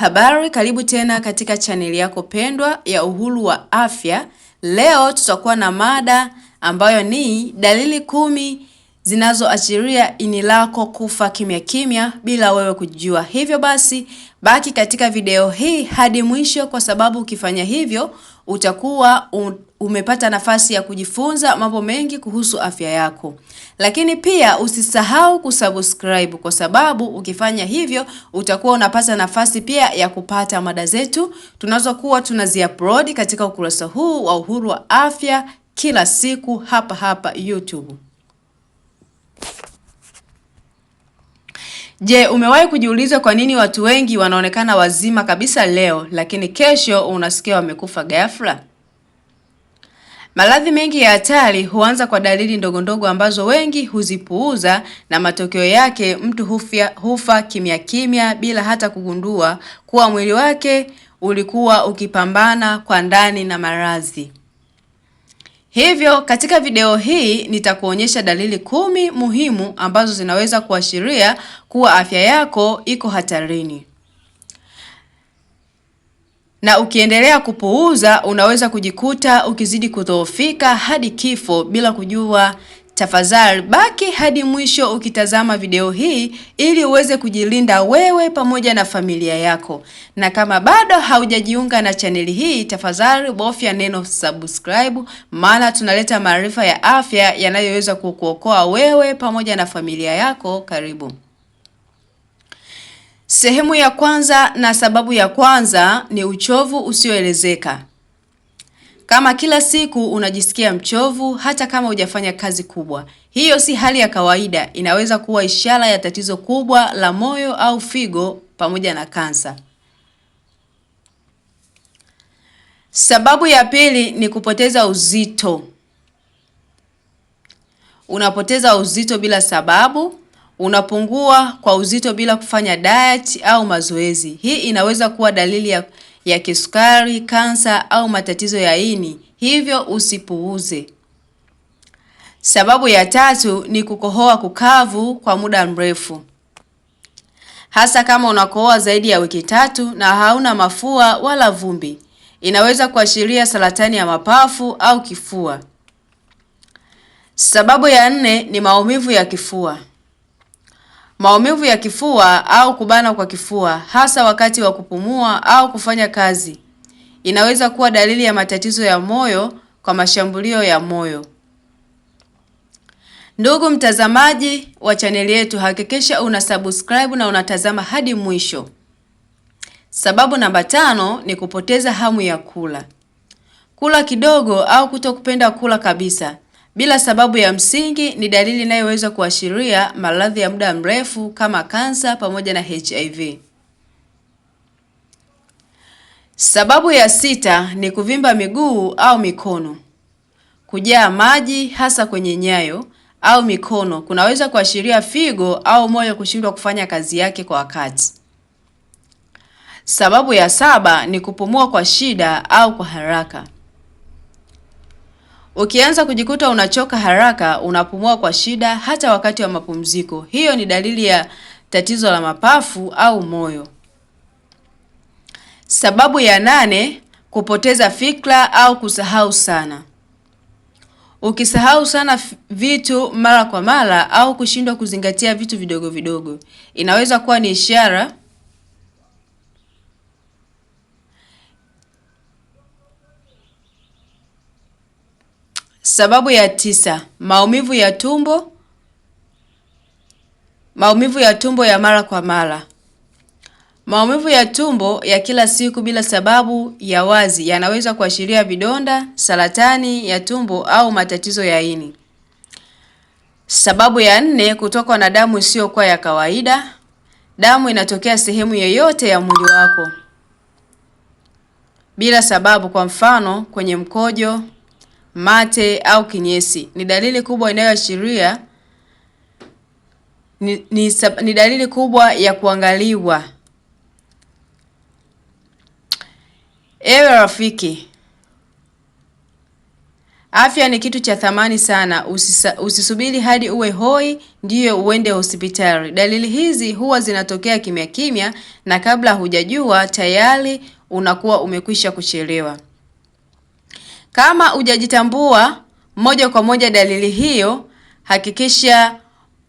Habari, karibu tena katika chaneli yako pendwa ya Uhuru wa Afya. Leo tutakuwa na mada ambayo ni dalili kumi zinazoashiria ini lako kufa kimya kimya bila wewe kujua. Hivyo basi baki katika video hii hadi mwisho, kwa sababu ukifanya hivyo utakuwa umepata nafasi ya kujifunza mambo mengi kuhusu afya yako. Lakini pia usisahau kusubscribe, kwa sababu ukifanya hivyo utakuwa unapata nafasi pia ya kupata mada zetu tunazokuwa tunaziupload katika ukurasa huu wa Uhuru wa Afya kila siku hapa hapa YouTube. Je, umewahi kujiuliza kwa nini watu wengi wanaonekana wazima kabisa leo lakini kesho unasikia wamekufa ghafla? Maradhi mengi ya hatari huanza kwa dalili ndogo ndogo ambazo wengi huzipuuza na matokeo yake mtu hufia, hufa kimya kimya bila hata kugundua kuwa mwili wake ulikuwa ukipambana kwa ndani na maradhi. Hivyo katika video hii nitakuonyesha dalili kumi muhimu ambazo zinaweza kuashiria kuwa afya yako iko hatarini. Na ukiendelea kupuuza unaweza kujikuta ukizidi kudhoofika hadi kifo bila kujua Tafadhali baki hadi mwisho ukitazama video hii ili uweze kujilinda wewe pamoja na familia yako. Na kama bado haujajiunga na chaneli hii, tafadhali bofya neno subscribe, maana tunaleta maarifa ya afya yanayoweza kukuokoa wewe pamoja na familia yako. Karibu. Sehemu ya kwanza na sababu ya kwanza ni uchovu usioelezeka. Kama kila siku unajisikia mchovu hata kama hujafanya kazi kubwa, hiyo si hali ya kawaida. Inaweza kuwa ishara ya tatizo kubwa la moyo au figo pamoja na kansa. Sababu ya pili ni kupoteza uzito. Unapoteza uzito bila sababu. Unapungua kwa uzito bila kufanya diet au mazoezi. Hii inaweza kuwa dalili ya ya kisukari, kansa au matatizo ya ini, hivyo usipuuze. Sababu ya tatu ni kukohoa kukavu kwa muda mrefu, hasa kama unakohoa zaidi ya wiki tatu na hauna mafua wala vumbi. Inaweza kuashiria saratani ya mapafu au kifua. Sababu ya nne ni maumivu ya kifua maumivu ya kifua au kubana kwa kifua hasa wakati wa kupumua au kufanya kazi. Inaweza kuwa dalili ya matatizo ya moyo kwa mashambulio ya moyo. Ndugu mtazamaji wa chaneli yetu, hakikisha una subscribe na unatazama hadi mwisho. Sababu namba tano ni kupoteza hamu ya kula. Kula kidogo au kutokupenda kula kabisa bila sababu ya msingi ni dalili inayoweza kuashiria maradhi ya muda mrefu kama kansa pamoja na HIV. Sababu ya sita ni kuvimba miguu au mikono. Kujaa maji hasa kwenye nyayo au mikono kunaweza kuashiria figo au moyo kushindwa kufanya kazi yake kwa wakati. Sababu ya saba ni kupumua kwa shida au kwa haraka. Ukianza kujikuta unachoka haraka, unapumua kwa shida hata wakati wa mapumziko, hiyo ni dalili ya tatizo la mapafu au moyo. Sababu ya nane, kupoteza fikra au kusahau sana. Ukisahau sana vitu mara kwa mara au kushindwa kuzingatia vitu vidogo vidogo, inaweza kuwa ni ishara Sababu ya tisa, maumivu ya tumbo. Maumivu ya tumbo ya mara kwa mara. Maumivu ya tumbo ya kila siku bila sababu ya wazi yanaweza kuashiria vidonda, saratani ya tumbo au matatizo ya ini. Sababu ya nne, kutokwa na damu isiyokuwa ya kawaida. Damu inatokea sehemu yoyote ya mwili wako bila sababu, kwa mfano kwenye mkojo mate au kinyesi ni dalili kubwa inayoashiria ni, ni, ni dalili kubwa ya kuangaliwa. Ewe rafiki, afya ni kitu cha thamani sana. Usisa, usisubiri hadi uwe hoi ndiyo uende hospitali. Dalili hizi huwa zinatokea kimya kimya, na kabla hujajua tayari unakuwa umekwisha kuchelewa. Kama hujajitambua moja kwa moja dalili hiyo, hakikisha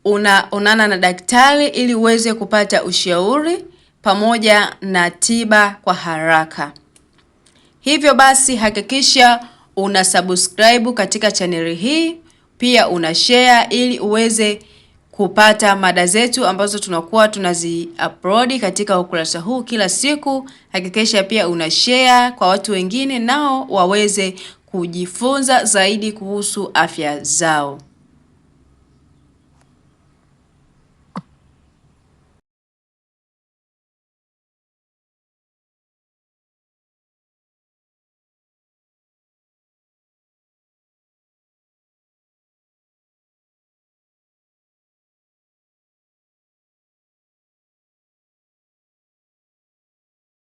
unaonana na daktari ili uweze kupata ushauri pamoja na tiba kwa haraka. Hivyo basi hakikisha una subscribe katika chaneli hii, pia una share ili uweze kupata mada zetu ambazo tunakuwa upload katika ukurasa huu kila siku. Hakikisha pia una share kwa watu wengine, nao waweze kujifunza zaidi kuhusu afya zao.